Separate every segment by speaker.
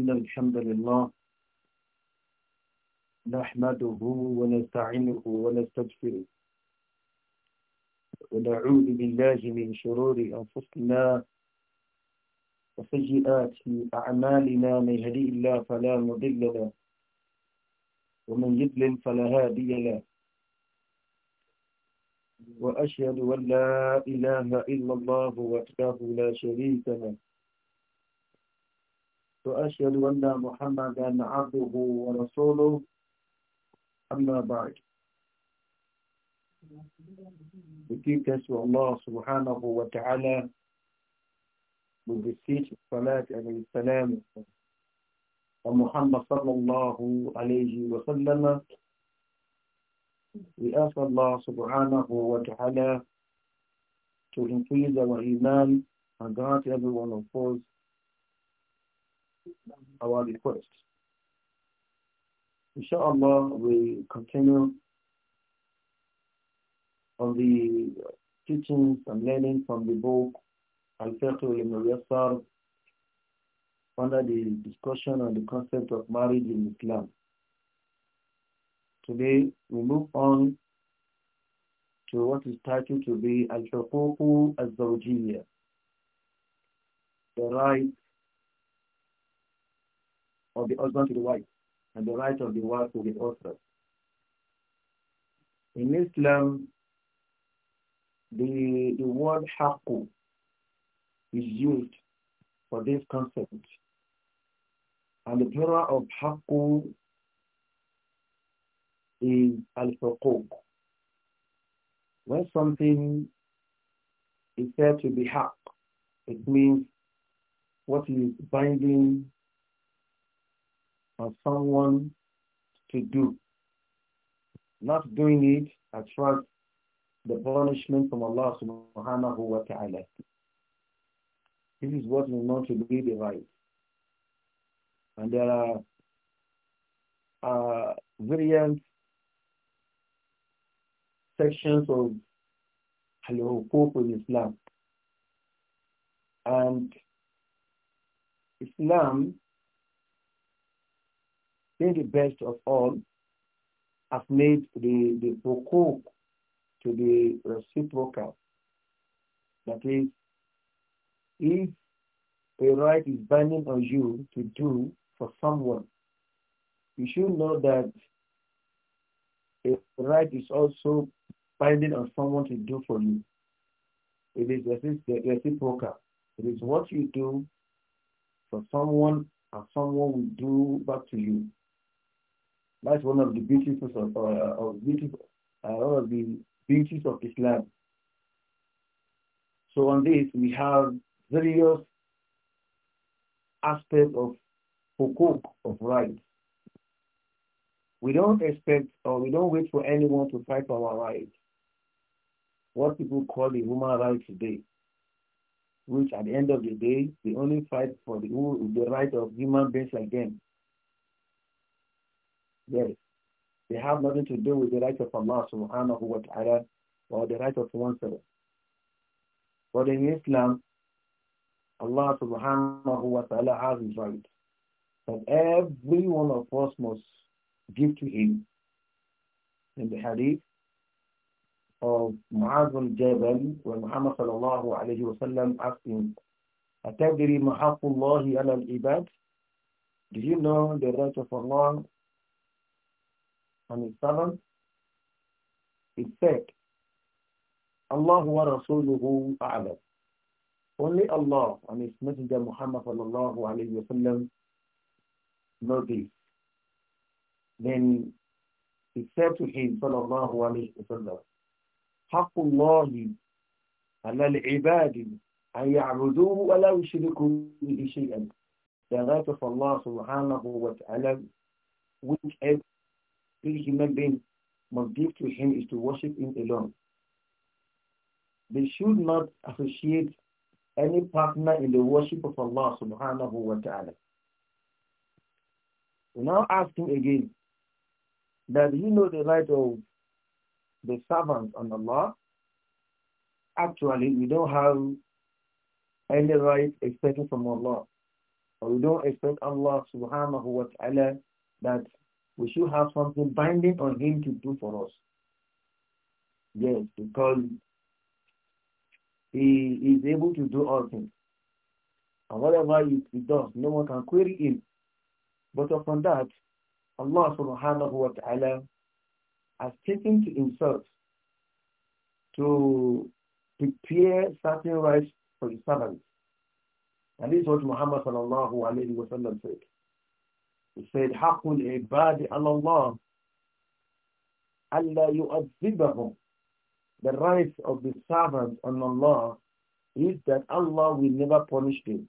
Speaker 1: إن الحمد لله
Speaker 2: نحمده ونستعينه ونستغفره ونعوذ بالله من شرور أنفسنا وسيئات أعمالنا من يهدي الله فلا مضل له ومن يضلل فلا هادي له وأشهد أن لا إله إلا الله وحده لا شريك له وأشهد أن محمدا عبده ورسوله أما بعد بكيك أسوى الله سبحانه وتعالى وبالسيح الصلاة عليه السلام ومحمد صلى الله عليه وسلم We ask Allah subhanahu wa ta'ala to increase our iman and grant everyone of us our request. Inshallah, we continue on the teachings and learning from the book Al-Fiqh al-Muyassar under the discussion on the concept of marriage in Islam. Today, we move on to what is titled to be Al-Shakuku Al-Zawjiyya, the right of the husband to the wife and the right of the wife to the husband. In Islam, the, the word haqqu is used for this concept and the plural of haqqu is al-huquq. When something is said to be hak, it means what is binding on someone to do. Not doing it attracts the punishment from Allah subhanahu wa ta'ala. This is what we to be the right. And there are uh, various sections of Al-Hukuk in Islam. And Islam, being the best of all, has made the, the Hukuk to be reciprocal. That is, if a right is binding on you to do for someone, you should know that a right is also binding on someone to do for you. It is reciprocal. It is what you do for someone and someone will do back to you. That's one of the beauties of, uh, of, beautiful, uh, of the beauties of Islam. So on this, we have various aspects of hukuk of rights. We don't expect or we don't wait for anyone to fight for our rights. What people call the human rights today, which at the end of the day, they only fight for the, the right of human beings like them. Yes, they have nothing to do with the right of Allah subhanahu wa ta'ala or the right of oneself. But in Islam, Allah subhanahu wa ta'ala has his right. that every one of us must give to him. In the hadith of Mu'adh al-Jabal, when Muhammad sallallahu alayhi wa sallam asked him, أَتَدْرِي مَحَقُّ اللَّهِ عَلَى الْإِبَادِ Do you know the right of Allah on his servant? He said, Allah wa Rasuluhu a'lam. Only Allah and His Messenger Muhammad sallallahu alayhi wa sallam know this. Then he said to him, sallallahu alayhi wa sallam, حق الله على العباد أن يعبدوه ولا يشركوا به شيئا. The right of Allah subhanahu wa ta'ala, which every human being must give to him is to worship him alone. They should not associate any partner in the worship of Allah subhanahu wa ta'ala. We now ask him again that he know the right of the servant on Allah. Actually, we don't have any right expected from Allah. Or we don't expect Allah subhanahu wa ta'ala that we should have something binding on him to do for us. Yes, because he is able to do all things. And whatever he does, no one can query him. But upon that, Allah subhanahu wa ta'ala has taken to himself to prepare certain rights for the servants. And this is what Muhammad sallallahu alayhi wa sallam said. He said, حَقُّ الْعِبَادِ عَلَى اللَّهِ أَلَّا يُؤَذِّبَهُمْ The rights of the servants on Allah is that Allah will never punish them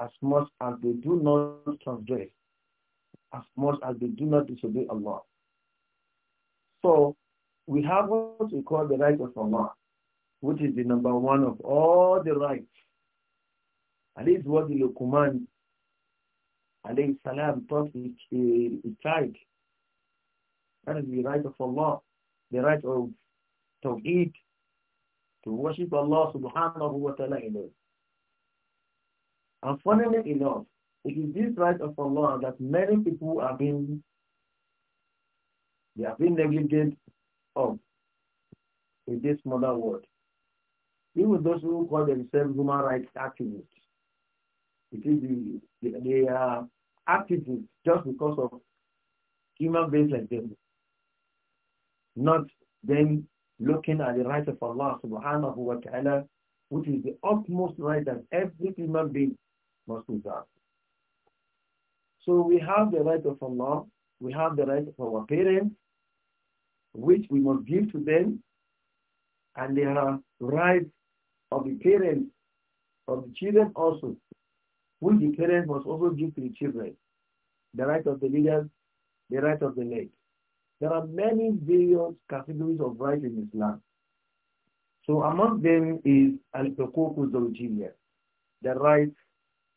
Speaker 2: as much as they do not transgress, as much as they do not disobey Allah. So we have what we call the right of Allah, which is the number one of all the rights. And this is what the Luqman alayhi salam taught his, eh, his child. That is the right of Allah, the right of Tawheed, to worship Allah subhanahu wa ta'ala and funnily enough, it is this right of Allah that many people are being they have been negligent of in this modern world. Even those who call themselves human rights activists, it is the, the, they are activists just because of human beings like them, not them looking at the right of Allah subhanahu wa ta'ala, which is the utmost right that every human being muscles are. So we have the right of Allah, we have the right of our parents, which we must give to them, and there are rights of the parents, of the children also, which the parents must also give to the children. The right of the leaders, the right of the late. There are many various categories of rights in Islam. So among them is al-Tukuku Zawjiyya, the right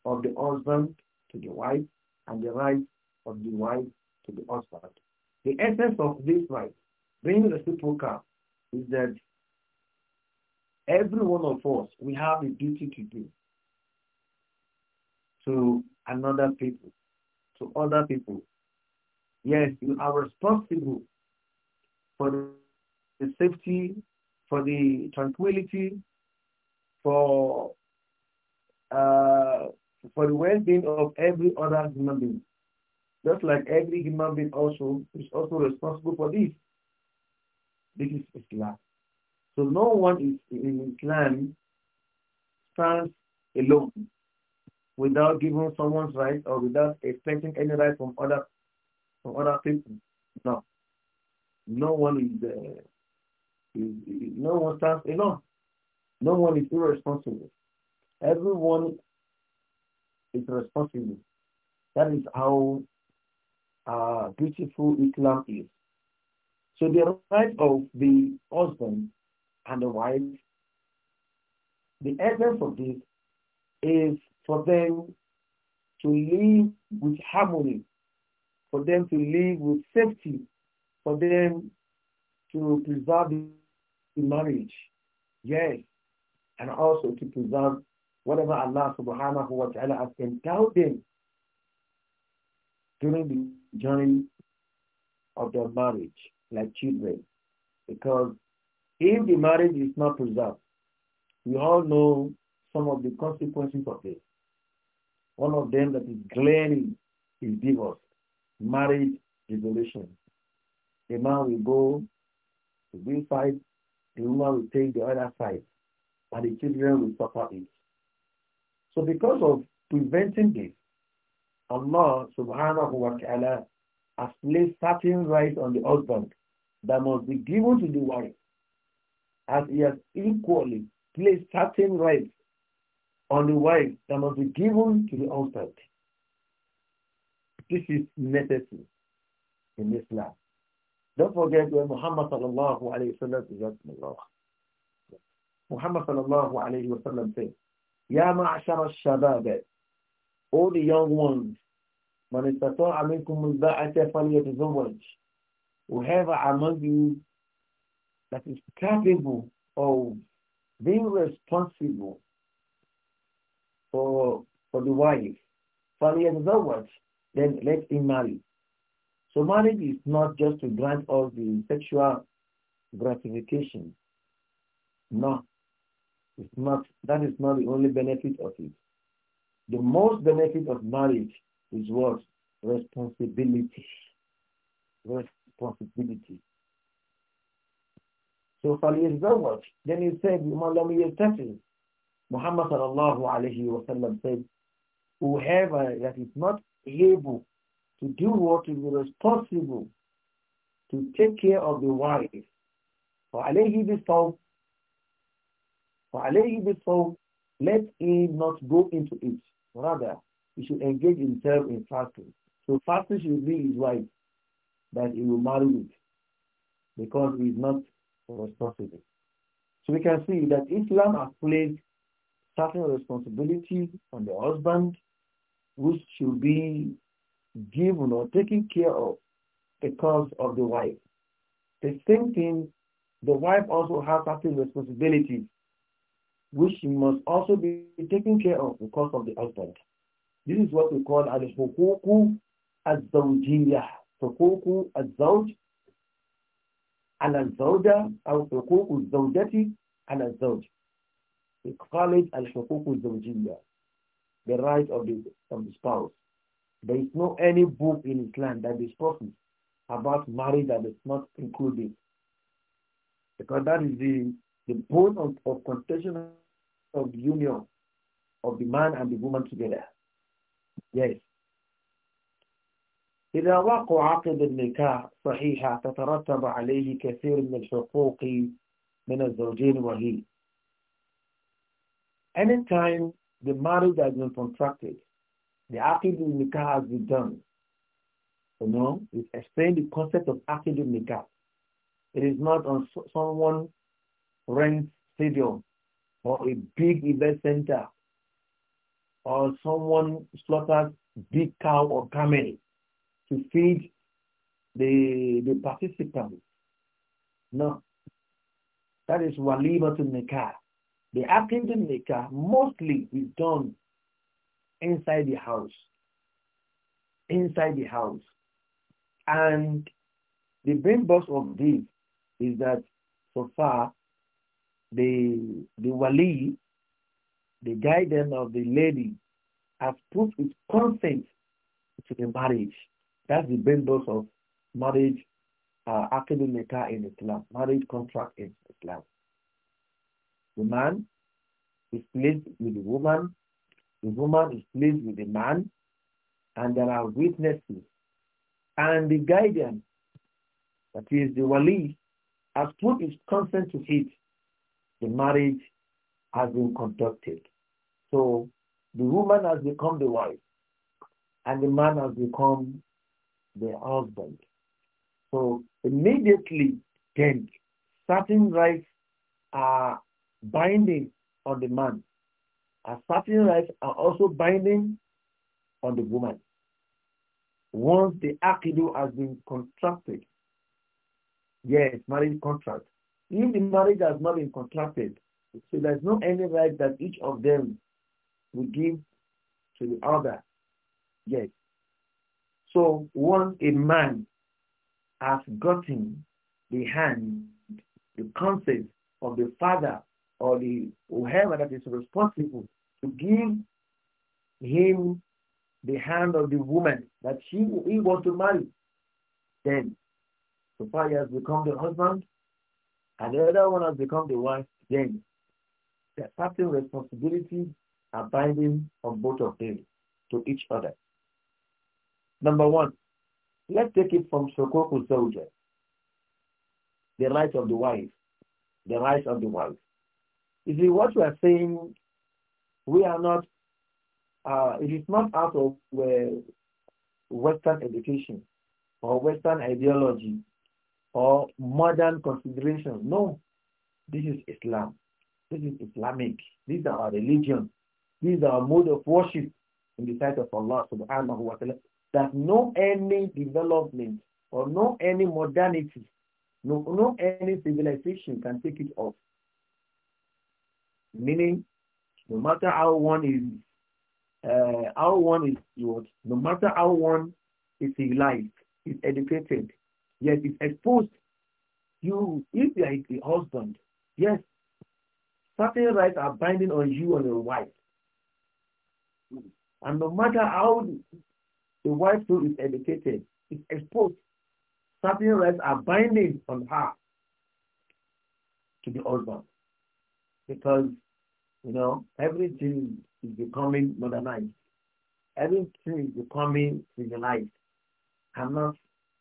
Speaker 2: of the husband to the wife and the right of the wife to the husband. The essence of this right, being reciprocal, is that every one of us, we have a duty to do to another people, to other people. Yes, you are responsible for the safety, for the tranquility, for uh, for the well-being of every other human being. Just like every human being also is also responsible for this. This is Islam. So no one is in Islam stands alone without giving someone's right or without expecting any right from other from other people. No. No one is, uh, is, is no one stands alone. No one is irresponsible. Everyone is responsible. That is how uh, beautiful Islam is. So the right of the husband and the wife, the essence of this is for them to live with harmony, for them to live with safety, for them to preserve the marriage, yes, and also to preserve whatever Allah subhanahu wa ta'ala has endowed them during the journey of their marriage, like children. Because if the marriage is not preserved, we all know some of the consequences of this. One of them that is glaring is divorce, marriage dissolution. The man will go to this side, the woman will take the other side, and the children will suffer it. So because of preventing this, Allah subhanahu wa ta'ala has placed certain rights on the husband that must be given to the wife, as he has equally placed certain rights on the wife that must be given to the husband. This is necessary in Islam. Don't forget when Muhammad sallallahu alayhi wa sallam is Muhammad sallallahu alayhi wa sallam said, Ya ma'ashara shabab, all the young ones, man istata'a minkum al-ba'ata falyatazawwaj. Whoever among you that is capable of being responsible for for the wife, falyatazawwaj, then let him marry. So marriage is not just to grant us the sexual gratification. No. Is not, that is not the only benefit of it. The most benefit of marriage is what? Responsibility. Responsibility. So فَلْيَزَوَّجْ Then he said, لَمْ يَلْتَفِي Muhammad sallallahu alayhi wa sallam said, whoever that is not able to do what is responsible to take care of the wife, فَعَلَيْهِ بِالْفَوْمِ فَعَلَيْهِ Let him not go into it. Rather, he should engage himself in fasting. So fasting should be his wife that he will marry with because he is not responsible. So we can see that Islam has placed certain responsibility on the husband which should be given or taken care of because of the wife. The same thing, the wife also has certain responsibilities which must also be taken care of because of the husband. This is what we call al-hukuku al-zawjiyah. Hukuku al-zawj and al-zawja or hukuku al-zawjati and al-zawj. We call it al-hukuku al-zawjiyah. The right of the, of the spouse. There is no any book in Islam that discusses about marriage that is not included. Because that is the, the point of, of contention of union of the man and the woman together. Yes. إذا وقع عقد النكاح صحيحة تترتب عليه كثير من الحقوق من الزوجين وهي. Anytime the marriage has been contracted, the عقد النكاح has been done. You know, it explains the concept of عقد النكاح. It is not on someone rent stadium or a big event center or someone slaughters big cow or camel to feed the, the participants. No. That is walima to nikah. The akin to nikah mostly is done inside the house. Inside the house. And the main box of this is that so far the the wali, the guidance of the lady, has put his consent to the marriage. That's the basis of marriage uh, academic in Islam, marriage contract in Islam. The man is pleased with the woman, the woman is pleased with the man, and there are witnesses. And the guardian, that is the wali, has put his consent to it the marriage has been conducted. So the woman has become the wife and the man has become the husband. So immediately then certain rights are binding on the man and certain rights are also binding on the woman. Once the akidu has been contracted, yes, marriage contract, If the marriage has not been contracted, so there's no any right that each of them will give to the other yet. So once a man has gotten the hand, the consent of the father or the whoever that is responsible to give him the hand of the woman that she he wants to marry, then the father has become the husband and the other one has become the wife, then there are certain responsibilities are binding on both of them to each other. Number one, let's take it from Sokoku soldier. The rights of the wife. The rights of the wife. You see, what we are saying, we are not, uh, it is not out of uh, Western education or Western ideology or modern consideration. No, this is Islam. This is Islamic. These are our religion. These are our mode of worship in the sight of Allah subhanahu wa ta'ala. That no any development or no any modernity, no, no any civilization can take it off. Meaning, no matter how one is, uh, how one is, no matter how one is civilized, is educated, Yes, it's exposed. You, if you are a husband, yes, certain rights are binding on you and your wife. And no matter how the wife too is educated, is exposed, certain rights are binding on her to the husband. Because, you know, everything is becoming modernized. Everything is becoming civilized. Cannot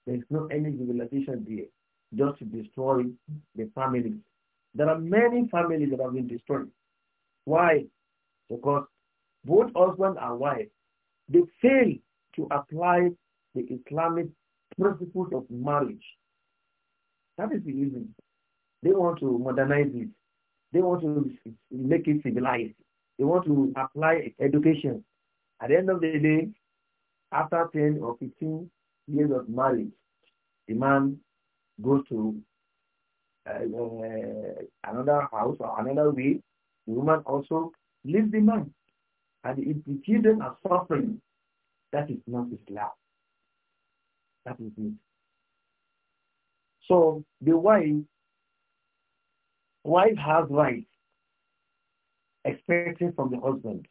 Speaker 2: There is no any civilization there, just to destroy the families. There are many families that have been destroyed. Why? Because both husband and wife, they fail to apply the Islamic principles of marriage. That is the reason. They want to modernize it. They want to make it civilized. They want to apply education. At the end of the day, after 10 or 15 years of marriage, the man goes to uh, uh, another house or another way, the woman also leaves the man. And if the children are suffering, that is not Islam. That is it. So the wife, wife has rights expected from the husband.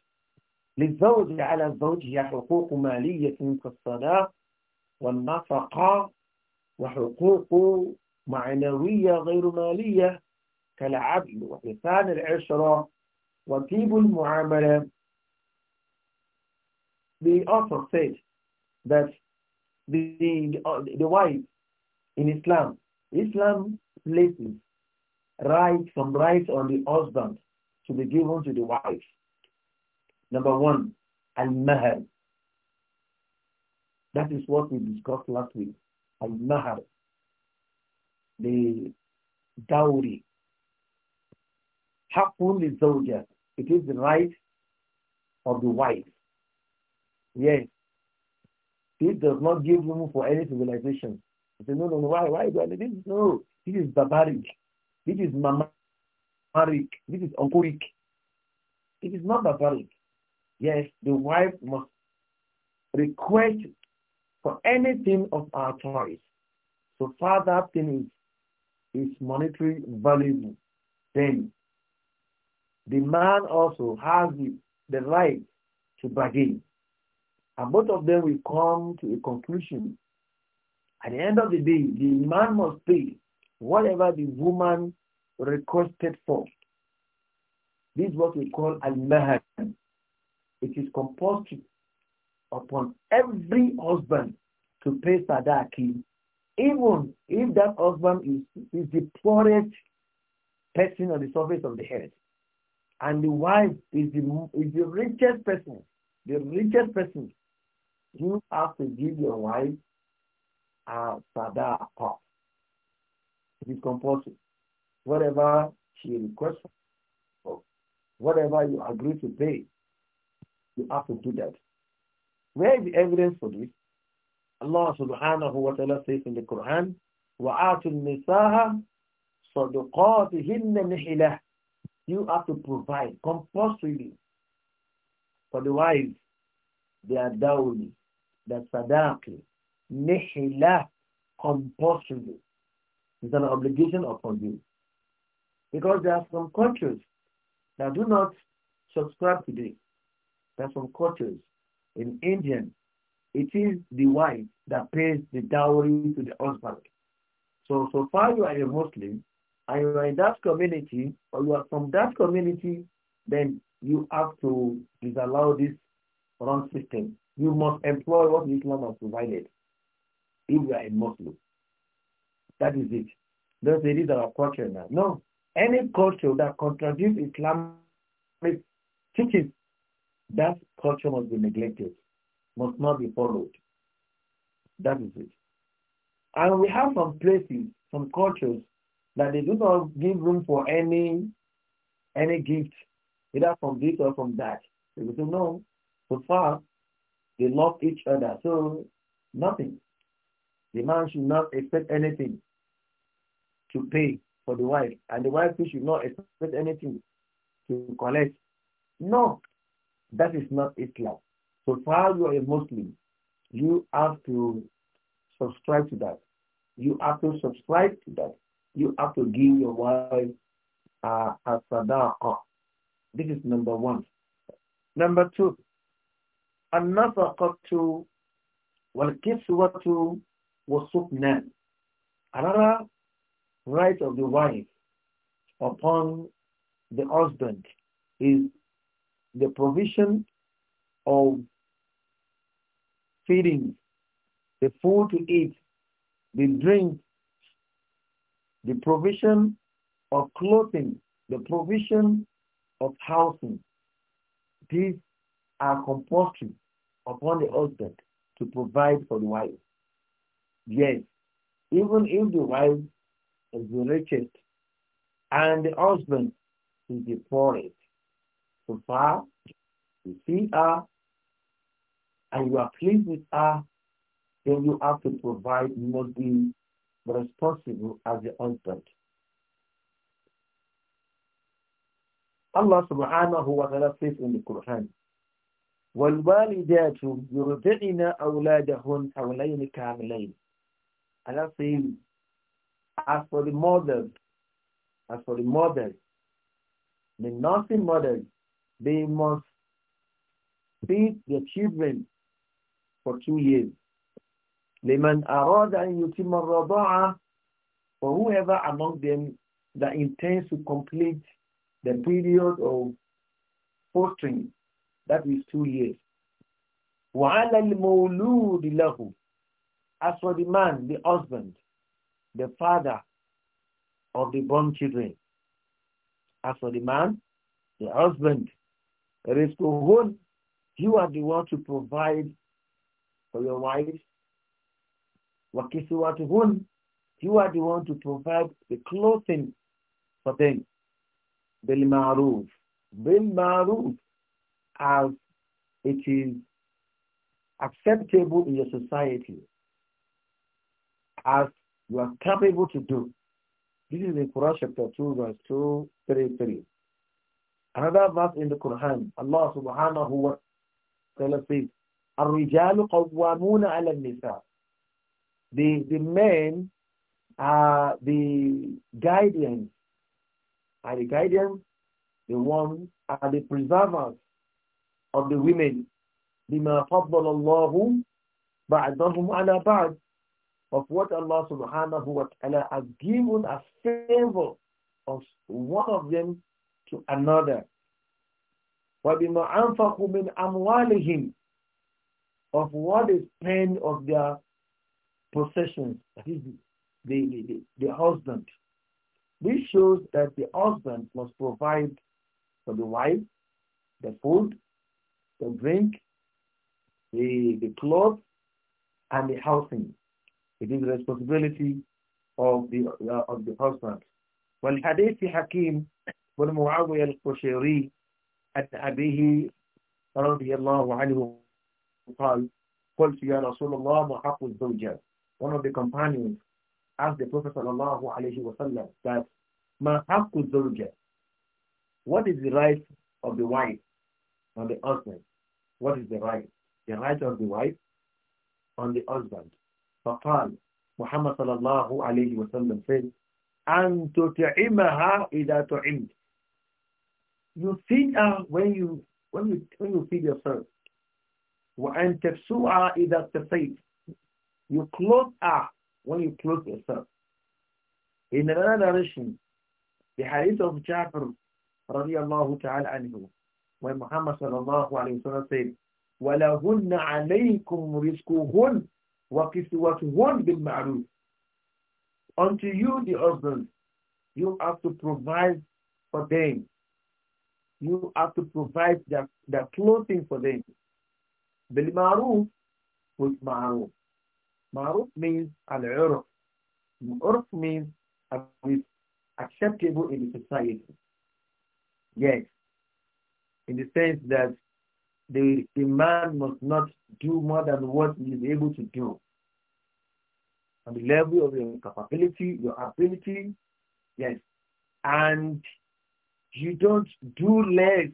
Speaker 2: للزوج على الزوج حقوق مالية كالصلاة والنفقة وحقوق معنوية غير مالية كالعدل وحسان العشرة وطيب المعاملة They also said that the, the, the wife in Islam, Islam places rights, some rights on the husband to be given to the wife. Number one, al-mahar, That is what we discussed last week. Al-Nahar, the dowry. Hakun is soldier? It is the right of the wife. Yes. This does not give room for any civilization. I say, no, no, no, why, why do I need this? No, this is barbaric. This is barbaric. This is onkoric. It is not barbaric. Yes, the wife must request for anything of our choice. So far that thing is, is monetary valuable, then the man also has the, the right to bargain. And both of them will come to a conclusion. At the end of the day, the man must pay whatever the woman requested for. This is what we call al-mahar. It is compulsory upon every husband to pay sadaki, even if that husband is, is the poorest person on the surface of the earth, and the wife is the, is the richest person, the richest person, you have to give your wife a sadaqah. It is compulsory.
Speaker 1: Whatever
Speaker 2: she requests, or whatever you agree to pay, you have to do that. Where is the evidence for this? Allah subhanahu wa ta'ala says in the Quran, وَآتُ النِّسَاهَ صَدُقَاتِهِنَّ نِحِلَةً You have to provide compulsory, for the wives, their dowry, their sadaqi, nihilah, compulsory. It's an obligation upon you. Because there are some cultures that do not subscribe to this. There are some cultures In Indian, it is the wife that pays the dowry to the husband. So, so far you are a Muslim and you are in that community or you are from that community, then you have to disallow this wrong system. You must employ what Islam has provided if you are a Muslim. That is it. Those say this is our culture now. No. Any culture that contradicts Islamic teaches. That culture must be neglected, must not be followed. That is it. And we have some places, some cultures that they do not give room for any any gift, either from this or from that. They will say, no, so far they love each other, so nothing. The man should not expect anything to pay for the wife, and the wife should not expect anything to collect. No, that is not Islam. So far you are a Muslim, you have to subscribe to that. You have to subscribe to that. You have to give your wife uh, a sadaqah. This is number one. Number two, another wal kiswatu والسكنان. Another right of the wife upon the husband is the provision of feeding, the food to eat, the drink, the provision of clothing, the provision of housing. These are compulsory upon the husband to provide for the wife. Yes, even if the wife is the richest and the husband is the poorest, so far, you see her, and you are pleased with her, then you have to provide, you must be responsible as the husband. Allah subhanahu wa ta'ala says in the Quran, وَالْوَالِدَاتُ يُرْضِعِنَ أَوْلَادَهُنْ حَوْلَيْنِ كَامِلَيْنِ Allah says, as for the mothers, as for the mothers, the nursing mothers, they must feed their children for two years. لمن أراد أن يتم الرضاعة for whoever among them that intends to complete the period of fostering, that is two years. وعلى المولود له As for the man, the husband, the father of the born children. As for the man, the husband Rizquhun, you are the one to provide for your wife. Wakisuwatuhun, you are the one to provide the clothing for them. Bil ma'ruf, as it is acceptable in your society, as you are capable to do. This is in Quran chapter 2, verse 2, 3, 3. Another verse in the Quran, Allah subhanahu wa ta'ala says, الرجال قوامون على النساء the the men are the guardians are the guardians the ones are the preservers of the women بما فضل الله بعضهم على بعض of what Allah subhanahu wa ta'ala has given a favor of one of them to another. وَبِمَا أَنْفَقُوا مِنْ أَمْوَالِهِمْ Of what is spend of their possessions, the, the, the, the husband. This shows that the husband must provide for the wife, the food, the drink, the, the clothes, and the housing. It is the responsibility of the uh, of the husband. Well, Hadith Hakim والمعاوية القشيري عن أبيه رضي الله عنه قال قلت يا رسول الله ما حق الزوجة one of the companions asked the Prophet صلى الله عليه وسلم that ما حق الزوجة what is the right of the wife on the husband what is the right the right of the wife on the husband فقال Muhammad صلى الله عليه وسلم said أن تطعمها إذا تعمت You feed her uh, when you when you when you feed yourself. وأن You clothe Ah, when you clothe yourself. In another narration, the hadith of Ja'far radiallahu ta'ala anhu, when Muhammad sallallahu alayhi wa sallam said, وَلَهُنَّ عَلَيْكُمْ رِزْقُهُنْ وَكِسْوَتُهُنْ بِالْمَعْرُوفِ Unto you, the husband, you have to provide for them you have to provide the the clothing for them. Bil ma'ruf with ma'ruf. Ma'ruf means al-urf. Urf means acceptable in the society. Yes. In the sense that the, the man must not do more than what he is able to do. On the level of your capability, your ability, yes. And you don't do less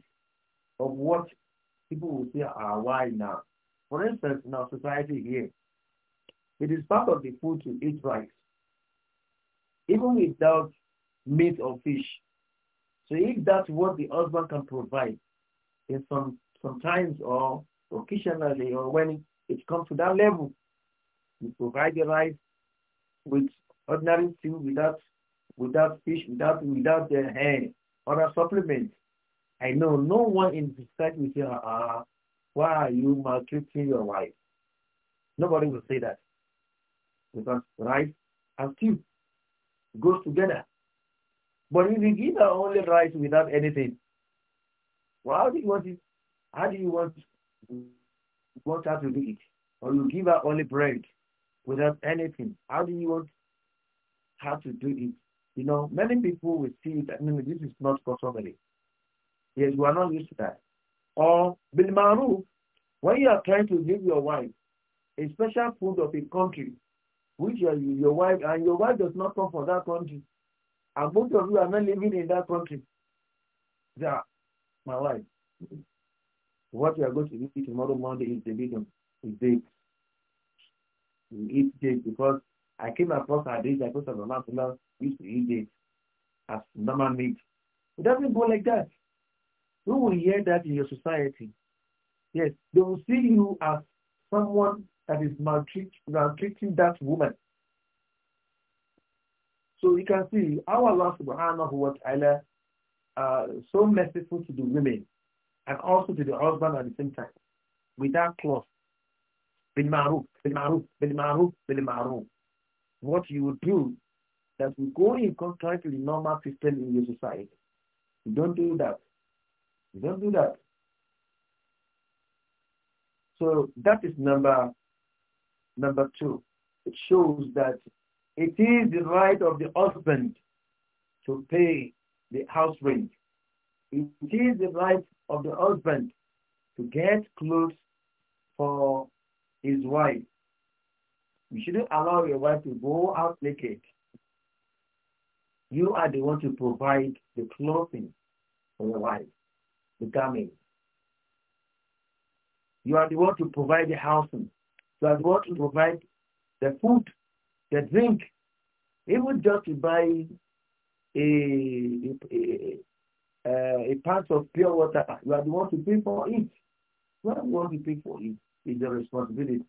Speaker 2: of what people will say are why now. For instance, in our society here, it is part of the food to eat rice, even without meat or fish. So if that's what the husband can provide in some sometimes or occasionally or when it, comes to that level, you provide the rice with ordinary food without without fish, without without the hair other supplements. I know no one in society side will say, ah, why are you maltreating your wife? Nobody will say that. Because rice and stew goes together. But if you give her only rice without anything, well, how do you want it? How do you want, want her to do it? Or you give her only bread without anything. How do you want her to do it? You know, many people will see that no, this is not customary. Yes, we are not used to that. Or Bilmaru, when you are trying to give your wife a special food of a country, which your, your wife and your wife does not come from that country, and both of you are not living in that country, that my wife. What we are going to eat tomorrow Monday is the big is big We eat date because I came across a hadith that Prophet Muhammad used to eat it as normal meat. It doesn't go like that. Who will hear that in your society? Yes, they will see you as someone that is maltreating that woman. So you can see our Allah subhanahu wa ta'ala uh, so merciful to the women and also to the husband at the same time. Without clause. Bil ma'ruf, bil ma'ruf, bil ma'ruf, bil ma'ruf what you would do that will go in contrary to the normal system in your society. You don't do that. You don't do that. So that is number number two. It shows that it is the right of the husband to pay the house rent. It is the right of the husband to get clothes for his wife. You shouldn't allow your wife to go out naked. You are the one to provide the clothing for your wife, the garment. You are the one to provide the housing. You are the one to provide the food, the drink. Even just to buy a, a, a, a part of pure water, you are the one to pay for it. You are the one to pay for it. It's a responsibility.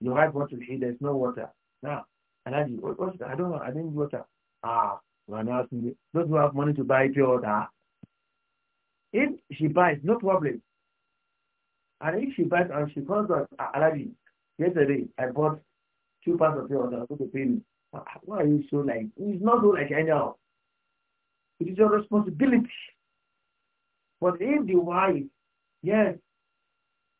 Speaker 2: Your wife wants to eh? see there's no water. Now, and I, what's, I don't know, I didn't water. Ah, when I now me, don't you have money to buy pure water? Ah. If she buys, no problem. And if she buys and she comes out, ah, Aladdin, yesterday I bought two parts of pure water, to pay me. Ah, why are you so like, it's not so like anyhow. It is your responsibility. But if the wife, yes,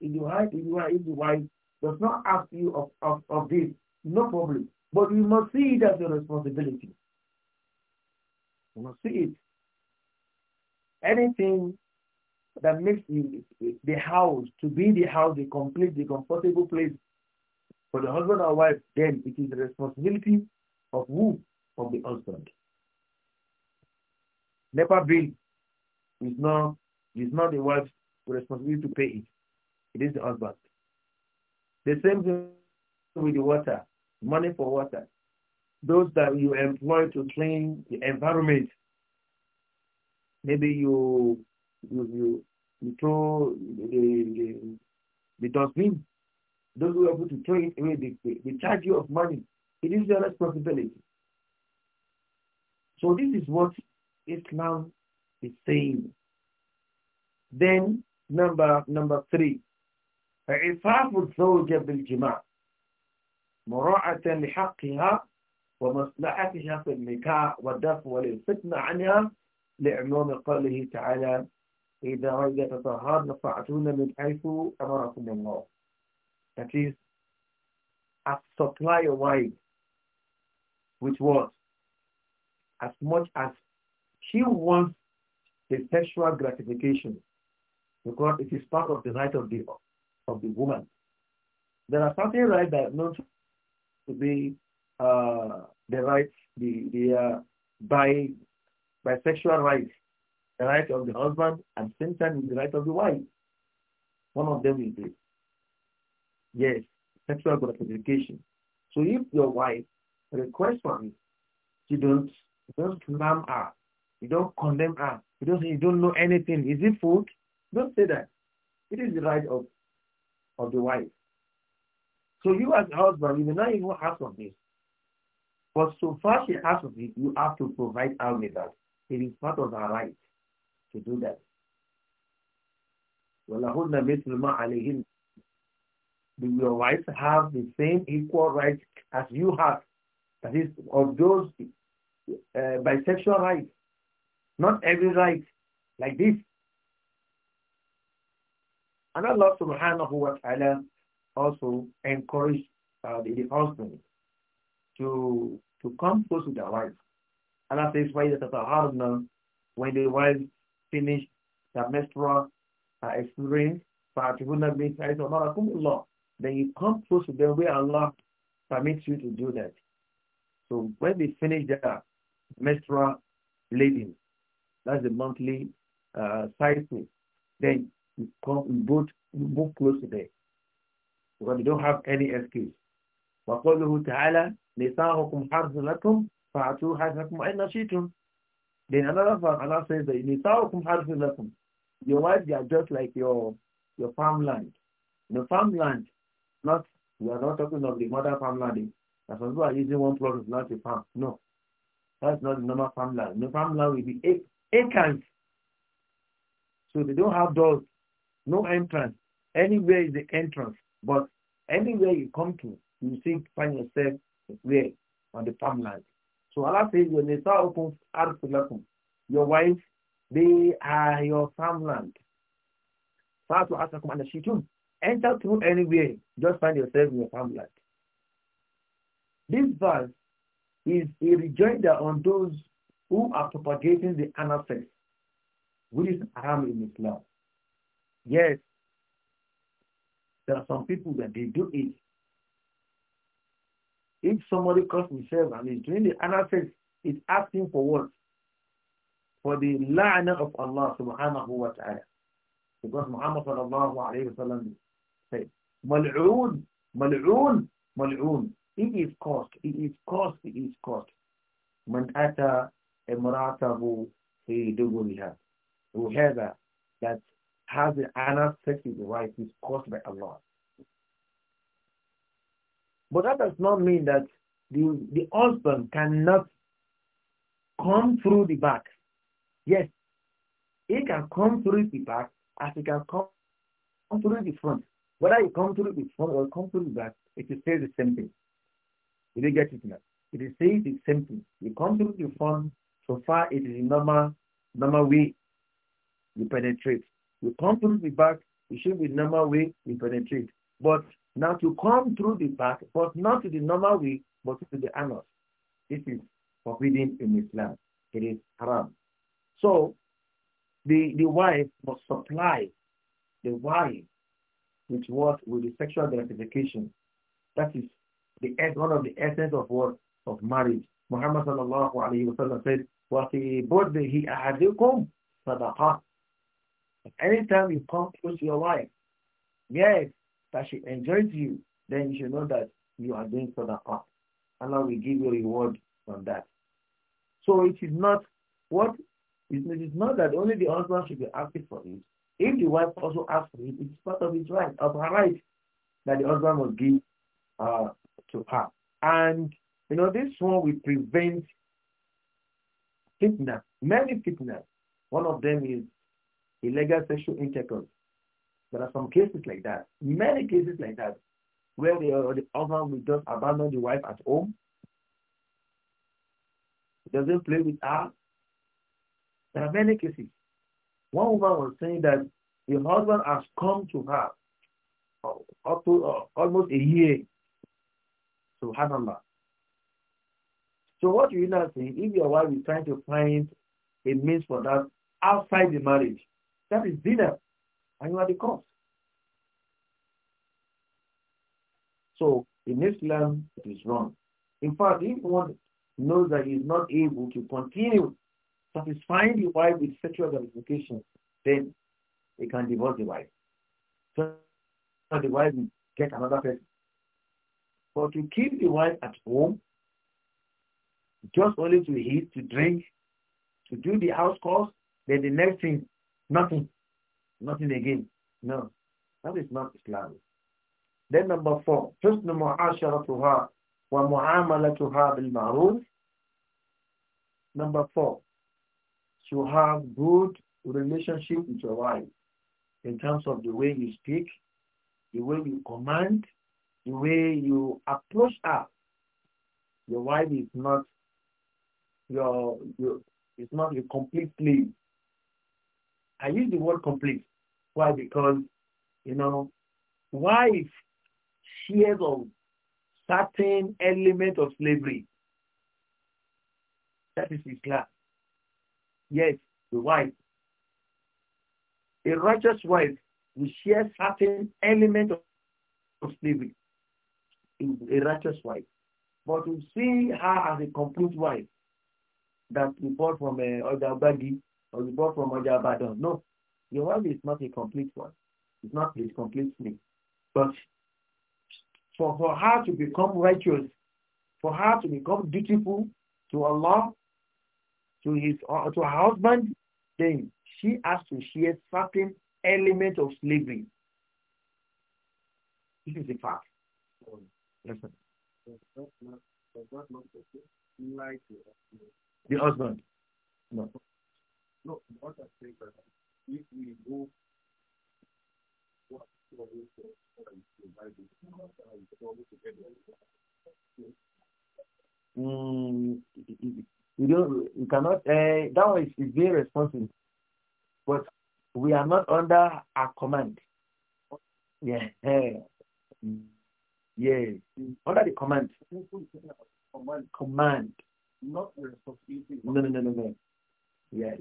Speaker 2: if the wife, if the wife, if the wife does not ask you of, of, of this, no problem. But you must see it as your responsibility. You must see it. Anything that makes you, the house to be the house, the complete, the comfortable place for the husband or wife, then it is the responsibility of who? Of the husband. NEPA bill is not, is not the wife's responsibility to pay it. It is the husband. The same thing with the water, money for water. Those that you employ to clean the environment. Maybe you you you, you throw the, the, the dustbin. Those who are able to throw it away, they, they, charge you of money. It is your responsibility. So this is what Islam is saying. Then number number three. فعفاف الزوجة بالجماع مراعاة لحقها ومصلحتها في النكاح والدفع والفتنة عنها لعموم قوله تعالى إذا رجع تطهر نفعتون من حيث أمركم الله That is, a supply of wine which was As much as she wants the sexual gratification because it is part of the right of the of the woman. There are
Speaker 1: certain rights that are known
Speaker 2: to be uh, the rights, the, the uh, by bisexual rights, the right of the husband, and same time the right of the wife. One of them is this. Yes, sexual gratification. So if your wife requests for it, you don't you don't harm her. You don't condemn her. You don't you don't know anything. Is it food? Don't say that. It is the right of of the wife. So you as a husband, you may not even ask of this. But so far she asks of it, you have to provide her with that. It is part of her right to do that. Well, مِثْلُ مَا عَلَيْهِنَّ Your wife, have the same equal rights as you have. That is, of those uh, bisexual rights. Not every right like this. And Allah subhanahu wa ta'ala also encouraged uh, the, the husband to to come close to their wife. Allah says, why that husband when the wife finish the menstrual uh, experience, then you come close to them where Allah permits you to do that. So when they finish their menstrual bleeding, that's the monthly uh, cycle, then come, we both move close to them. Because they don't have any excuse. وقوله تعالى نساؤكم حرث لكم فأتوا حرثكم أين شئتم Then another verse, Allah says that نساؤكم حرث لكم Your wives, they are just like your your farmland. You farm farmland, not, we are not talking of the mother farmland. That some people are using one plot is not a farm. No. That's not the normal farmland. The farmland will be acres. So they don't have those. No entrance. Anywhere is the entrance. But anywhere you come to, you seek find yourself where on the farmland. So Allah says, when they start open your wife, they are your farmland. Fatu Asakum and Shitun. Enter through anywhere. Just find yourself in your farmland. This verse is a rejoinder on those who are propagating the anaphase, which is haram in Islam. Yes, there are some people that they do it. If somebody calls himself and is doing the analysis, it's asking for what? For the la'na of Allah subhanahu wa ta'ala. Because Muhammad sallallahu alayhi wa sallam said, mal'oon, mal'oon, mal'oon. It is cost, it is cost, it is cost. Man ata imratahu fi duburiha. Whoever that has the anal sex with the wife is caused by a lot, But that does not mean that the, the husband cannot come through the back. Yes, he can come through the back as he can come, come through the front. Whether he come through the front or come through the back, it is will the same thing. You didn't get it now. It is saying the same thing. You come through the front, so far it is the normal, normal way you penetrate. We come through the back, we should be normal way, we penetrate. But now to come through the back, but not to the normal way, but to the anus. This is forbidden in Islam. It is haram. So the, the wife must supply the wife which was with the sexual gratification. That is the one of the essence of what of marriage. Muhammad sallallahu alayhi wa sallam said, وَفِي بُرْدِهِ أَحَدِكُمْ sadaqah." Anytime you come close to your wife, yes, that she enjoys you, then you should know that you are doing for the and Allah will give you reward from that. So it is not what it is not that only the husband should be asking for it. If the wife also asks for it, it's part of his right, of her right, that the husband must give uh, to her. And you know, this one will prevent fitna, many fitna. One of them is illegal sexual intercourse. There are some cases like that, many cases like that, where the, uh, the husband will just abandon the wife at home. doesn't play with her. There are many cases. One woman was saying that the husband has come to her up to uh, almost a year. Subhanallah. So what you're not saying, if your wife is trying to find a means for that outside the marriage, that is dinner. And you are the cause. So in Islam, it is wrong. In fact, if one knows that he is not able to continue satisfying the wife with sexual gratification, then he can divorce the wife. So the wife will get another person. But to keep the wife at home, just only to eat, to drink, to do the house chores, then the next thing Nothing. Nothing again. No. That is not Islam. Then number four, حسن معاشرتها bil بالمعروف. Number four, to have good relationship with your wife in terms of the way you speak, the way you command, the way you approach her. Your wife is not your, your is not you complete slave. I use the word complete. Why? Because, you know, wife shares of certain element of slavery. That is Islam. Yes, the wife. A righteous wife will share certain element of slavery. A righteous wife. But to see her as a complete wife that we bought from uh, Ogabagi or you bought from Oja Abadan. No, your wife is not a complete one. It's not a complete thing. But for, for her to become righteous, for her to become dutiful to Allah, to his uh, to her husband, then she has to share certain element of slavery. This is a fact. Um, yes, sir. Not, the husband. No. No, not a paper. If we go what we
Speaker 1: provide together.
Speaker 2: Mm, don't, we cannot, uh, that one is very responsive. But we are not under a command. Yeah. Eh, yeah, Under the command.
Speaker 1: Command. Command. Not responsibility. No, no, no, no,
Speaker 2: no. Yes.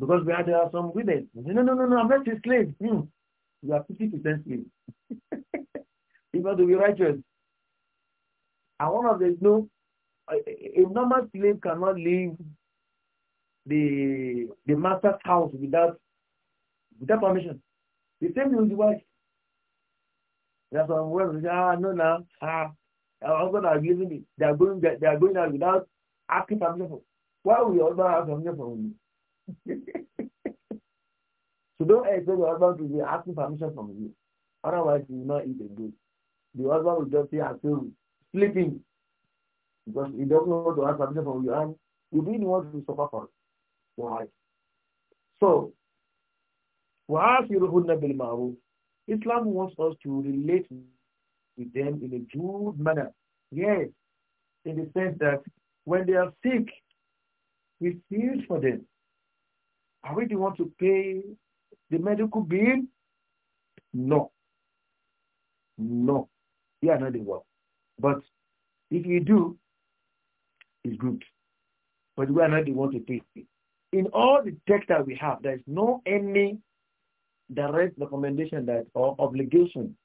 Speaker 2: because we had there uh, are some women. No, no, no, no, I'm not a slave. Hmm. You are 50% slave. you got to be righteous. And one of the, you know, a, a normal slave cannot leave the the master's house without without permission. The same with the wife. There are some women who say, ah no no ah our husband are leaving it. They are going they are going out without asking permission. Why we all not have permission from you? so don't expect your husband to be asking permission from you. Otherwise, you will not eat again. The husband will just say, I'm still sleeping. Because he doesn't want to ask permission from you. And you really want to suffer for it. Why? So, وَعَافِرُهُنَّ بِالْمَعْرُوفِ Islam wants us to relate with them in a good manner. Yes, in the sense that when they are sick, we feel for them. Are we the one to pay the medical bill? No. No. We are not the one. But if you do, it's good. But we are not the one to pay. In all the text that we have, there is no any direct recommendation that or obligation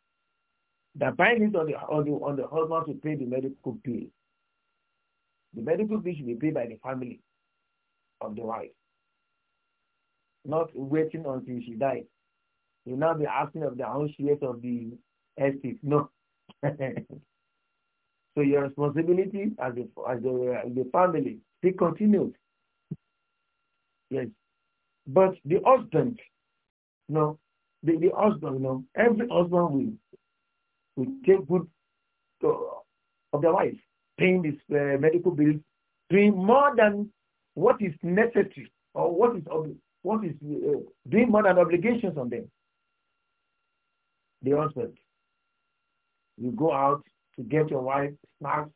Speaker 2: that binds on the on the on the husband to pay the medical bill. The medical bill should be paid by the family of the wife not waiting until she dies. You now be asking of the household of the estate. No. so your responsibility as as the family still continues. Yes. But the husband, no, the, the husband, no, every husband will, will take good of the wife, paying his uh, medical bills, doing more than what is necessary or what is obvious. What is uh, doing more than obligations on them? The husband. You go out to get your wife snacks,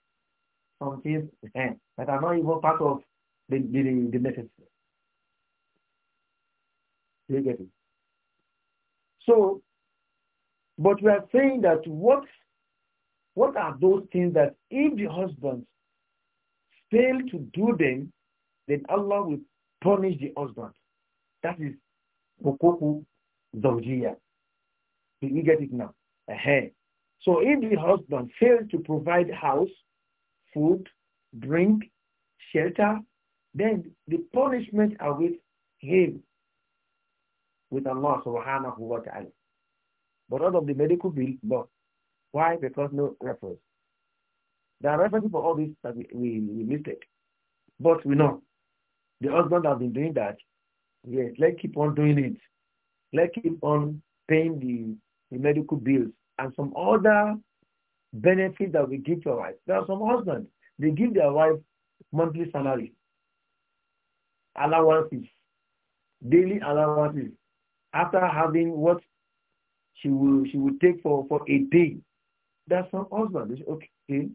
Speaker 2: some things eh, that are not even part of the, the, the necessary. You get it? So, but we are saying that what what are those things that if the husband fail to do them, then Allah will punish the husband. That is hukuku zawjiya. Did you get it now? Uh -huh. So if the husband fails to provide house, food, drink, shelter, then the punishment awaits him with Allah subhanahu wa ta'ala. But out of the medical bill, but why? Because no reference. There are references for all this that we, we, we it, But we know the husband has been doing that Yes, let's keep on doing it. Let's keep on paying the, the medical bills and some other benefits that we give to our wives. There are some husbands, they give their wife monthly salary, allowances, daily allowances, after having what she will she will take for, for a day. there are some husbands. They say, okay,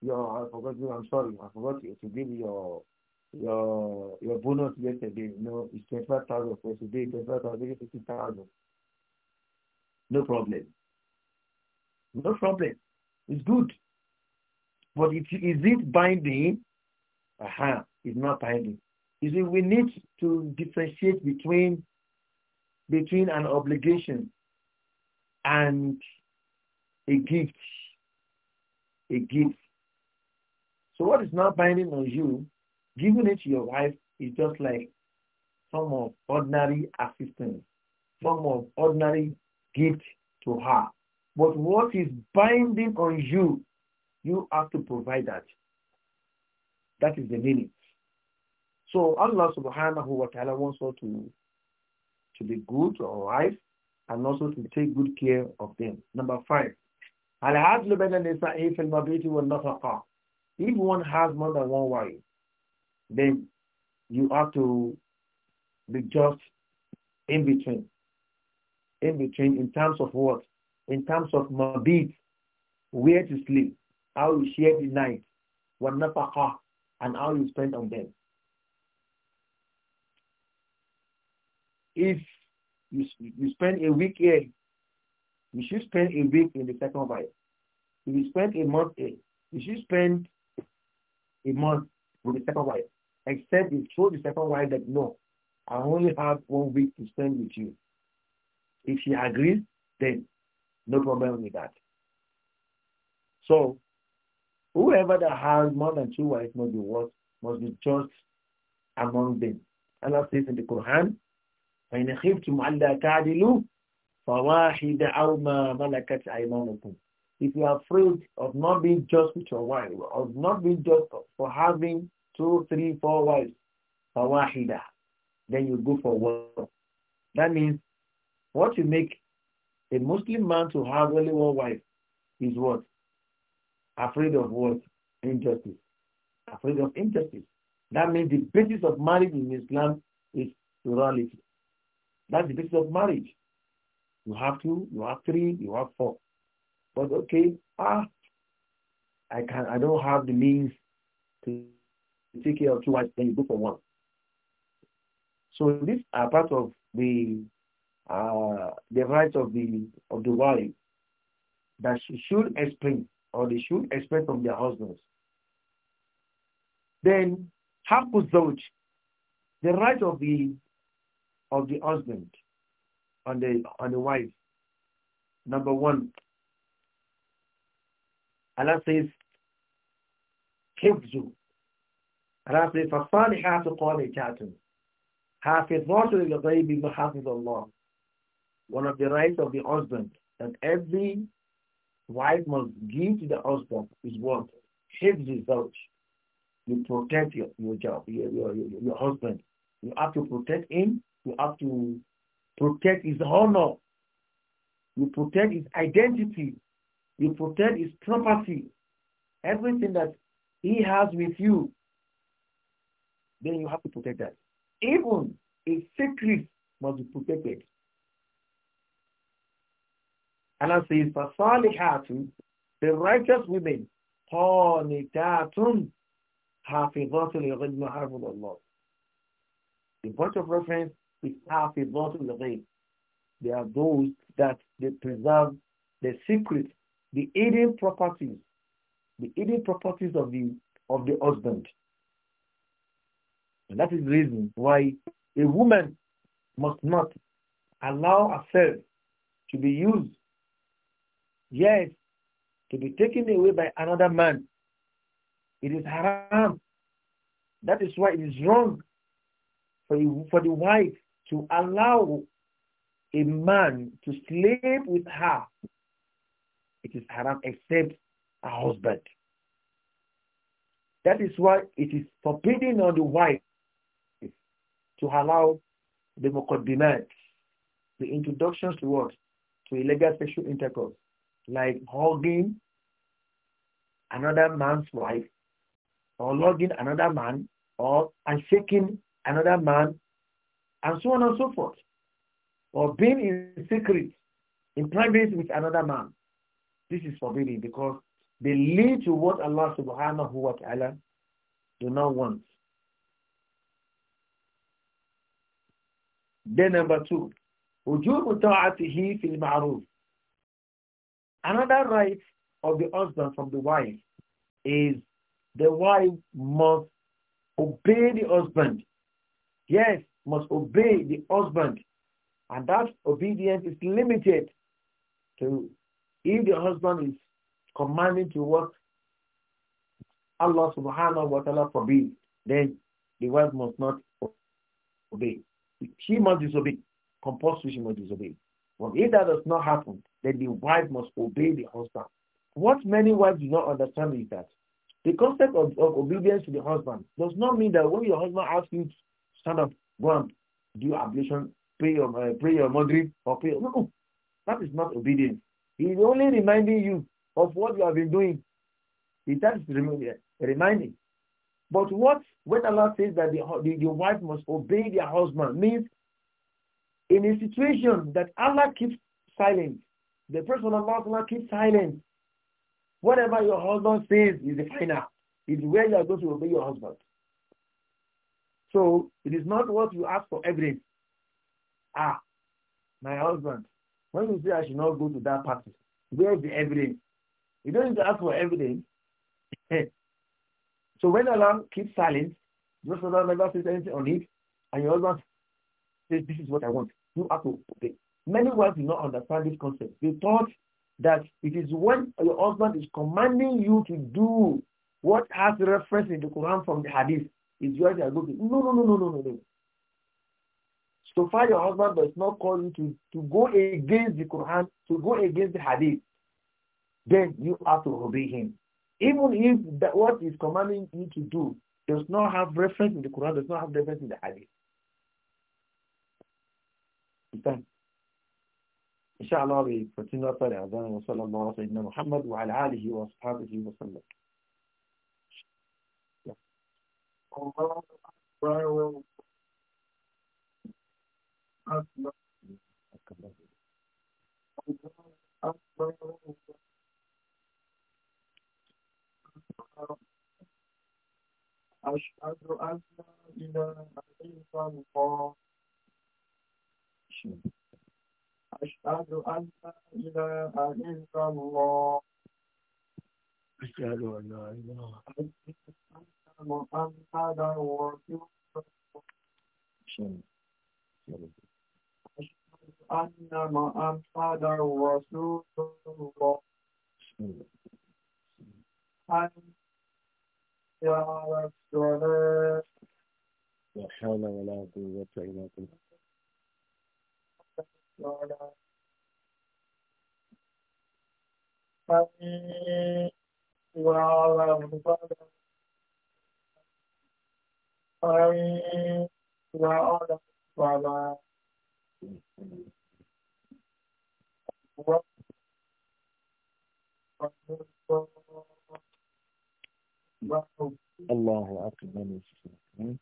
Speaker 2: your, I forgot you, I'm sorry, I forgot you to give your your your bonus yesterday. No, it's twenty five thousand for today, twenty five thousand, fifty thousand. No problem. No problem. It's good. But it, is it binding? Aha, uh -huh. it's not binding. You see, we need to differentiate between between an obligation and a gift. A gift. So what is not binding on you Giving it to your wife is just like some of ordinary assistance, some of ordinary gift to her. But what is binding on you, you have to provide that. That is the meaning. So Allah subhanahu wa ta'ala wants us to, to be good to our wife and also to take good care of them. Number five. If one has more than one wife, then you have to be just in between. In between in terms of what? In terms of mabit, where to sleep, how you share the night, what nafaqa, and how you spend on them. If you, you spend a week here, you should spend a week in the second wife. If you spend a month here, you should spend a month with the second wife except he told the second wife that, no, I only have one week to spend with you. If she agrees, then no problem with that. So whoever that has more than two wives must be what? Must be just among them. Allah says in the Quran, فَإِنْ خِفْتُمْ عَلَّا تَعْدِلُوا فَوَاحِدَ أَوْ مَا مَلَكَتْ أَيْمَانُكُمْ If you are afraid of not being just with your wife, of not being just for having two, three, four wives, fawahida. Then you go for one. That means what you make a Muslim man to have only one wife is what? Afraid of what? Injustice. Afraid of injustice. That means the basis of marriage in Islam is plurality. That's the basis of marriage. You have two, you have three, you have four. But okay, ah, I can I don't have the means to you take care of two wives, then you go for one. So these are part of the uh, the rights of the of the wife that she should expect or they should expect from their husbands. Then hakuzoj, the right of the of the husband on the on the wife. Number one, Allah says, you." رفل فالصالحات قانتات حافظات للغيب محافظ Allah one of the rights of the husband that every wife must give to the husband is what his result you protect your, your job your, your, your husband you have to protect him you have to protect his honor you protect his identity you protect his property everything that he has with you then you have to protect that. Even a secret must be protected. And I say, فَصَالِحَاتُ The righteous women, قَانِتَاتٌ حَافِظَاتُ لِغَيْبِ مَحَافِظَ اللَّهِ The point of reference is حَافِظَاتُ لِغَيْبِ They are those that they preserve the secret, the hidden properties, the hidden properties of the of the husband. And that is the reason why a woman must not allow herself to be used, yes, to be taken away by another man. It is haram. That is why it is wrong for, for the wife to allow a man to sleep with her. It is haram except her husband. That is why it is forbidden on the wife to allow the muqaddimat, the introductions to what? To illegal sexual intercourse, like hugging another man's wife, or lugging another man, or and shaking another man, and so on and so forth. Or being in secret, in private with another man. This is forbidden because they lead to what Allah subhanahu wa ta'ala do not want. Then number two, وجوب at في المعروف. Another right of the husband from the wife is the wife must obey the husband. Yes, must obey the husband. And that obedience is limited to if the husband is commanding to what Allah subhanahu wa ta'ala forbids, then the wife must not obey. She must disobey. Compulsory, she must disobey. But if that does not happen, then the wife must obey the husband. What many wives do not understand is that the concept of, of obedience to the husband does not mean that when your husband asks you to stand up, go and do ablution, pray your, uh, pray your or pray, no, that is not obedience. He is only reminding you of what you have been doing. He starts eh, reminding. But what when Allah says that the, the, wife must obey their husband, means in a situation that Allah keeps silent, the person Allah, Allah keeps silent. Whatever your husband says is the final, is where you are going to obey your husband. So it is not what you ask for evidence. Ah, my husband, when you say I should not go to that party, where is the evidence? You don't need to ask for evidence. So when alarm keeps silent, the Prophet never says anything on it, and your husband says, this is what I want. You have to obey. Many wives do not understand this concept. They thought that it is when your husband is commanding you to do what has reference in the Quran from the Hadith is where they are going. No, no, no, no, no, no, no. So far, your husband does not call you to, to go against the Quran, to go against the Hadith. Then you have to obey him. Even if that what is commanding you to do does not have reference in the Quran, does not have reference in the Hadith. Understand? Inshallah, we continue after the Adhan wa sallallahu Muhammad wa ala wa sallam.
Speaker 1: أشهد أن لا إله إلا الله أشهد أن لا إله إلا الله
Speaker 2: أشهد أن لا
Speaker 1: إله أن محمدا رسول الله أشهد أن محمدا رسول الله وعلى الصلاة لا حول ولا قوة إلا بالله وعلى الصلاة وعلى الصلاة وعلى الصلاة
Speaker 2: Allahu Akbar. Let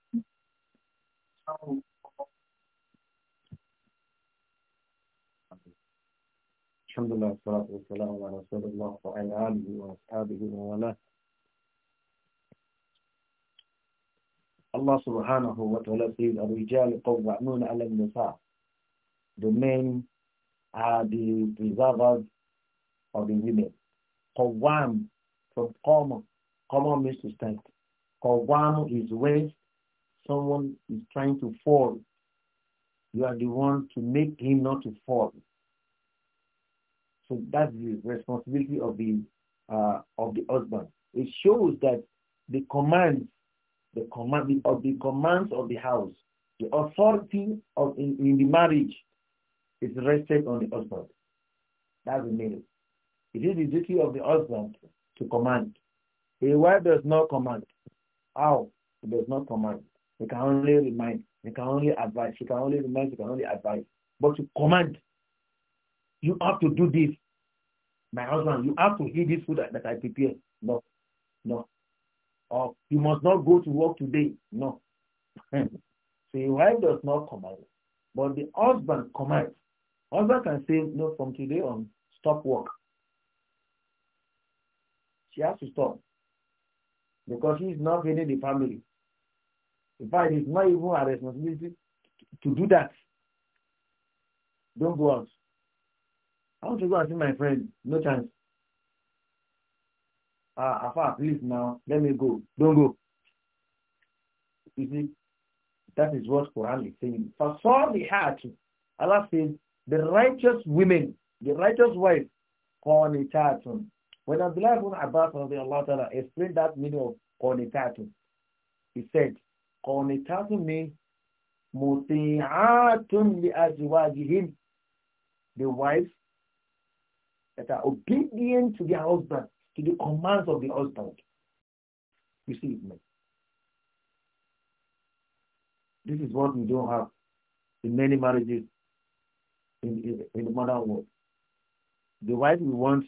Speaker 1: الحمد لله والصلاة والسلام على رسول الله وعلى آله وأصحابه
Speaker 2: Allah subhanahu wa ta'ala says, Al-Rijal Qawwa'nun The men are the preservers of the women. Qawwam from Qawma, common means to stand. one is when someone is trying to fall. You are the one to make him not to fall. So that's the responsibility of the uh, of the husband. It shows that the commands, the command of the commands of the house, the authority of in, in the marriage is rested on the husband. That's the meaning. It is the duty of the husband to command. A wife does not command. How? It does not command. You can only remind. It can only advise. You can only remind. It can only advise. But to command. You have to do this. My husband, you have to eat this food that, that I prepare. No. No. Or you must not go to work today. No. so your wife does not command. But the husband commands. Husband can say, no, from today on, stop work. She has to stop. because he is not feeding the family. In fact, it not even our responsibility to do that. Don't go out. I want to go and see my friend. No chance. Ah, Afa, please now, let me go. Don't go. You see, that is what Quran is saying. For all the heart, Allah says, the righteous women, the righteous wife, cornitatun, When Abdullah ibn Abbas ta'ala, explained that meaning of qanitatu, he said, qanitatu means muti'atun li azwajihim. The wives that are obedient to their husband, to the commands of the husband. You see it, man. This is what we don't have in many marriages in, in, in the modern world. The wife we want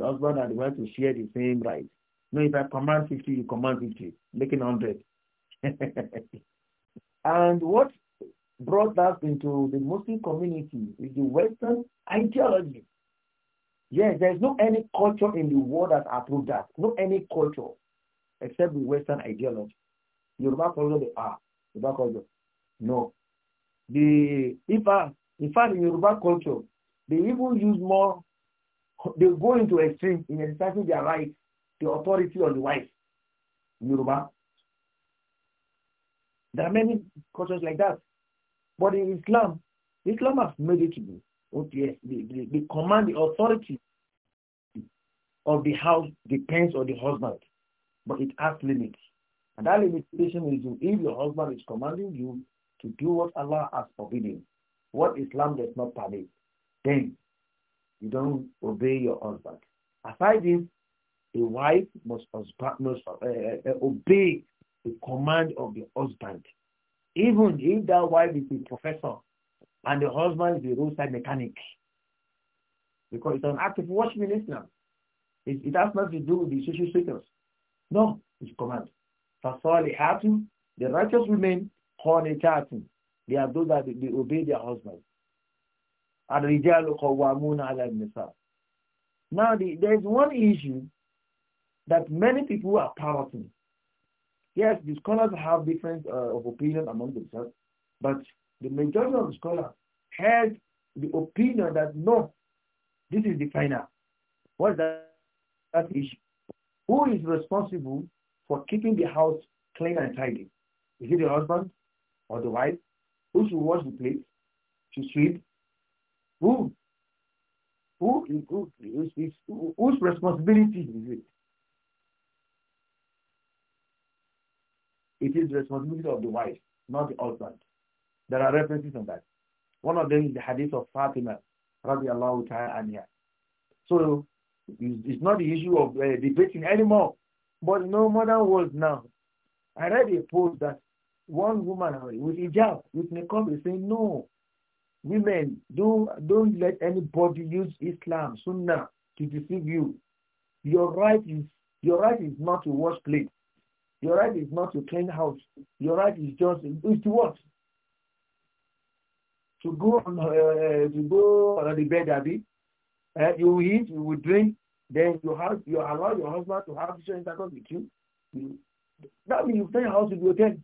Speaker 2: the husband and the wife to share the same right. No, if I command 50, you command 50, making 100. and what brought us into the Muslim community is the Western ideology. Yes, there is no any culture in the world that approves that. No any culture except the Western ideology. Yoruba culture, they are. Yoruba culture, no. The, if, I, in fact, in Yoruba culture, they even use more they go into extreme in exercising their right, the authority on the wife in Yoruba. There are many cultures like that. But in Islam, Islam has made it to be, oh yes, the, the, the command, the authority of the house depends on the husband, but it has limits. And that limitation is if your husband is commanding you to do what Allah has forbidden, what Islam does not permit, then you don't obey your husband. Aside this, a wife must, must uh, uh, uh, obey the command of the husband. Even if that wife is a professor and the husband is a roadside mechanic. Because it's an act of worship in Islam. It, it has nothing to do with the social status. No, it's command. فَصَالِحَاتُ The righteous women, chatting. They are those that they obey their husbands. Al-Rijalu Qawwamuna ala nisa Now, the, there is one issue that many people are parroting. Yes, the scholars have different uh, of opinion among themselves, but the majority of the scholars had the opinion that no, this is the final. What's that, that issue? Who is responsible for keeping the house clean and tidy? Is it the husband or the wife? Who should wash the plates? Should sweep? Who? who, who is, whose responsibility is it? It is the responsibility of the wife, not the husband. There are references on that. One of them is the hadith of Fatima, radiallahu ta'ala anha. So it's not the issue of uh, debating anymore. But no modern world now. I read a post that one woman with hijab, with niqab, is saying, no, Women, don't, don't let anybody use Islam, Sunnah, to deceive you. Your right is, your right is not to wash plates. Your right is not to clean house. Your right is just, is to what? To go on, uh, to go on the bed, Abby. Uh, you eat, you will drink, then you have, you allow your husband to have sexual intercourse with you. you that means you clean house with your ten.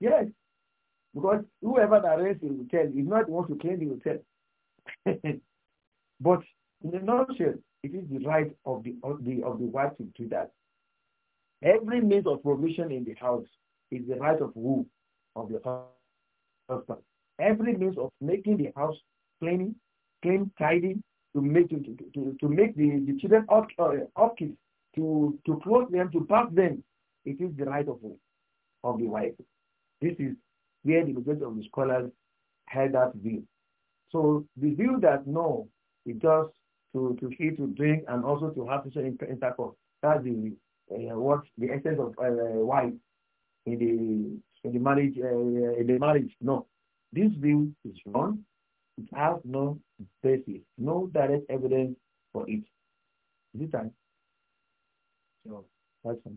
Speaker 2: Yes, Because whoever that rents in hotel is not the one to clean the hotel. but in a nutshell, it is the right of the, of the, of the wife to do that. Every means of provision in the house is the right of who? Of the husband. Every means of making the house clean, clean, tidy, to make to, to, to make the, the children up, uh, upkeep, to, to clothe them, to bath them, it is the right of, of the wife. This is where the majority of the scholars held that view. So the view that no, it's just to, to eat, to drink, and also to have sexual intercourse. That's the uh, what the essence of uh, wife in the in the marriage uh, in the marriage. No, this view is wrong.
Speaker 1: It has no
Speaker 2: basis, no direct evidence for it. Is it time? Sure. That's fine.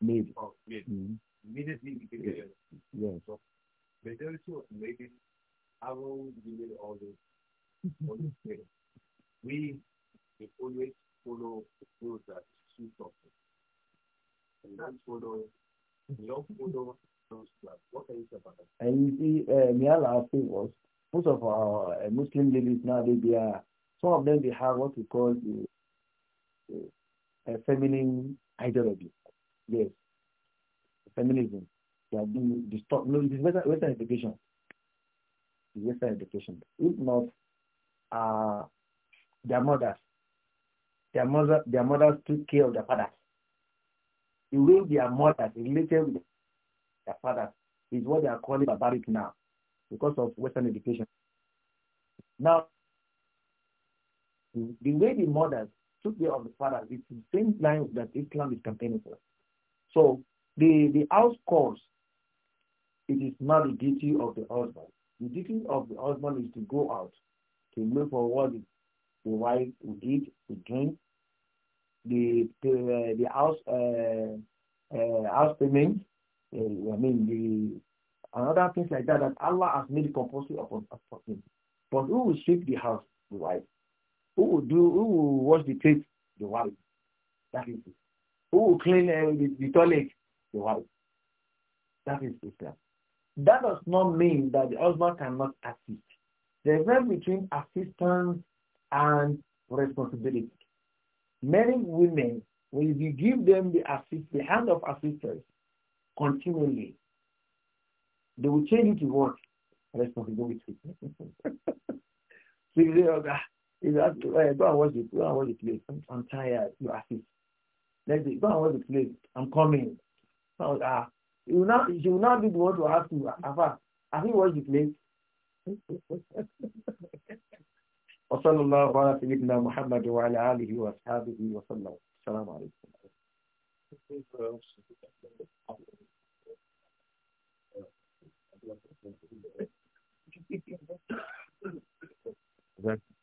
Speaker 2: Made. Oh, made. Mm-hmm. Immediately became yes. Yeah. Yes. So, majority of made it, how long we made all this, all this thing. We, we always follow those that suit us. And that's follow, we don't follow those that, what can you say about that? And you see, uh, thing was, most of our uh, Muslim ladies nowadays, they are, some of them, they have what we call the, the, a feminine ideology. Yes. Feminism. They have been disturbed. No, it is Western, Western education. It is Western education. If not, uh, their mothers, their mother, their mothers took care of their fathers. The way their mothers related with their fathers is what they are calling barbaric now because of Western education. Now, the way the mothers took care of the fathers is the same line that Islam is campaigning for. So the, the house calls, it is not the duty of the husband. The duty of the husband is to go out, to look for what the wife would eat, to drink, the the, uh, the house uh, uh, house payment. Uh, I mean the another things like that that Allah has made compulsory upon us for him. But who will sweep the house? The wife. Who will do? Who will wash the plate? The wife. That is it who will clean um, the, the toilet? The wife. That is Islam. That does not mean that the husband cannot assist. There's a difference between assistance and responsibility. Many women, when you give them the assist, the hand of assistance continually, they will change it to what? Responsibility. See you say, ah, okay, eh, go and watch the, go and watch the place. I'm, I'm tired. You assist. let day, go and watch the play. I'm coming. So, ah, uh, you will not, she will not be the one to ask you, Afa, have you watched the play? وصلى الله على سيدنا محمد وعلى آله وأصحابه السلام عليكم